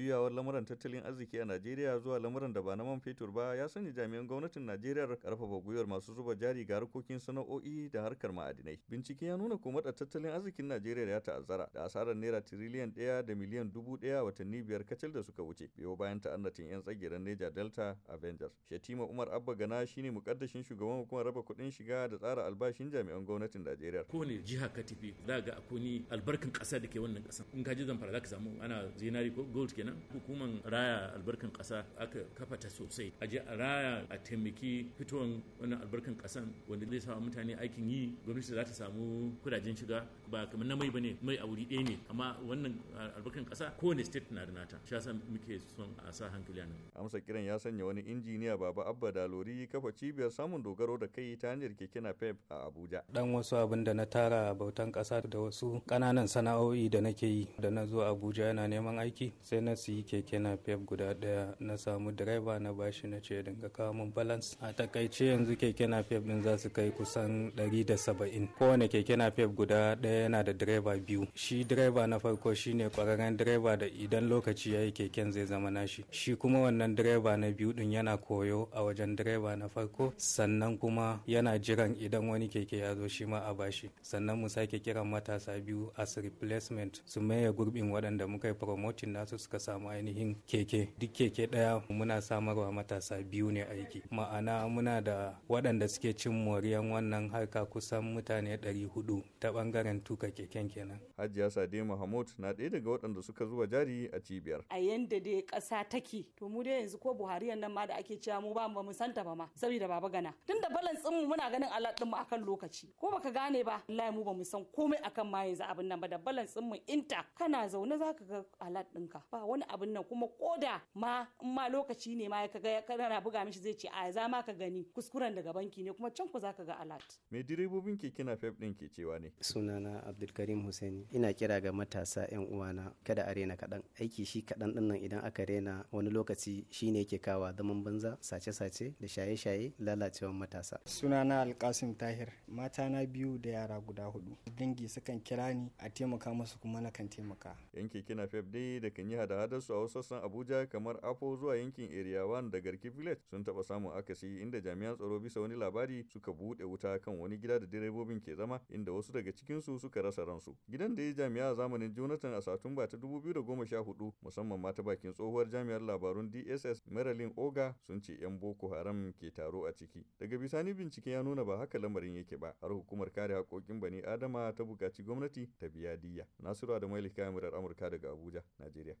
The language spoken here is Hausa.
juyawar lamuran tattalin arziki a Najeriya zuwa lamuran da ba na man fetur ba ya sanya jami'an gwamnatin Najeriya karfafa gwiwar masu zuba jari ga harkokin sana'o'i da harkar ma'adinai. Bincike ya nuna kuma da tattalin arzikin Najeriya ya ta'azzara da asarar naira tiriliyan ɗaya da miliyan dubu ɗaya watanni biyar kacal da suka wuce biyo bayan ta'annatin 'yan tsagiran Neja Delta Avengers. Shatima Umar Abba Gana shine mukaddashin shugaban hukumar raba kuɗin shiga da tsara albashin jami'an gwamnatin Najeriya. Kowane jiha ka tafi za ga akwai albarkin ƙasa da ke wannan ƙasa. In ka ji zamfara za ka samu ana zinari ko gold kenan kenan hukuman raya albarkan ƙasa aka kafa ta sosai a je a raya a taimaki fitowar wannan albarkan ƙasan wanda zai sa mutane aikin yi gwamnati za ta samu kudajen shiga ba kamar na mai bane mai a wuri ɗaya ne amma wannan albarkan ƙasa kowane state na da nata shi yasa muke son a sa hankali nan amsa kiran ya sanya wani injiniya baba abba dalori kafa cibiyar samun dogaro da kai ta hanyar keke napep a abuja dan wasu abin da na tara bautan ƙasa da wasu ƙananan sana'o'i da nake yi da na zo abuja yana neman aiki sai na su yi keke na pep guda daya na samu direba na bashi na ce dinga kawo min balance a takaice yanzu keke na pep din za su kai kusan 170 kowane keke na pep guda daya yana da direba biyu shi direba na farko shine kwararren direba da idan lokaci ya yi keken zai zama nashi shi kuma wannan direba na biyu din yana koyo a wajen direba na farko sannan kuma yana jiran idan wani keke ya zo shi ma a bashi sannan mu sake kiran matasa biyu as replacement su maye gurbin waɗanda muka yi promoting nasu suka samu ainihin keke duk keke daya muna samarwa matasa biyu ne aiki ma'ana muna da waɗanda suke cin moriyan wannan harka kusan mutane 400 ta bangaren tuka keken kenan hajiya sade mahmud na ɗaya daga waɗanda suka zuba jari a cibiyar a yanda dai ƙasa take to mu dai yanzu ko buhari nan ma da ake cewa mu ba mu ta ba ma saboda baba gana tun tunda balance mu muna ganin alat ɗin mu akan lokaci ko baka gane ba wallahi mu ba mu san komai akan ma yanzu abin nan ba da balance mu inta kana zaune zaka ga alat ɗinka ba wani abin nan kuma koda ma in ma lokaci ne ma ya kaga kana buga mishi zai ce a za ma ka gani kuskuren daga banki ne kuma can ku ka ga alert mai direbobin keke na fef din ke cewa ne sunana abdulkarim hussein ina kira ga matasa yan uwana kada a rena kaɗan aiki shi kaɗan ɗin nan idan aka rena wani lokaci shine yake kawa zaman banza sace-sace da shaye-shaye lalacewan matasa sunana alkasim tahir mata na biyu da yara guda hudu dangi sukan kira ni a taimaka musu kuma na kan taimaka yan keke na fef dai da kan yi hada su a wasu sassan Abuja kamar afo zuwa yankin Area 1 da Garki Village sun taba samun akasi inda jami'an tsaro bisa wani labari suka buɗe wuta kan wani gida da direbobin ke zama inda wasu daga cikinsu suka rasa ransu. Gidan da ya jami'a a zamanin Jonathan a Satumba ta 2014 musamman ma ta bakin tsohuwar jami'ar labarun DSS Marilyn Oga sun ce 'yan Boko Haram ke taro a ciki. Daga bisani bincike ya nuna ba haka lamarin yake ba har hukumar kare haƙoƙin bani Adama ta buƙaci gwamnati ta biya diyya. Nasiru Adamu Elika Amurka daga Abuja, Najeriya.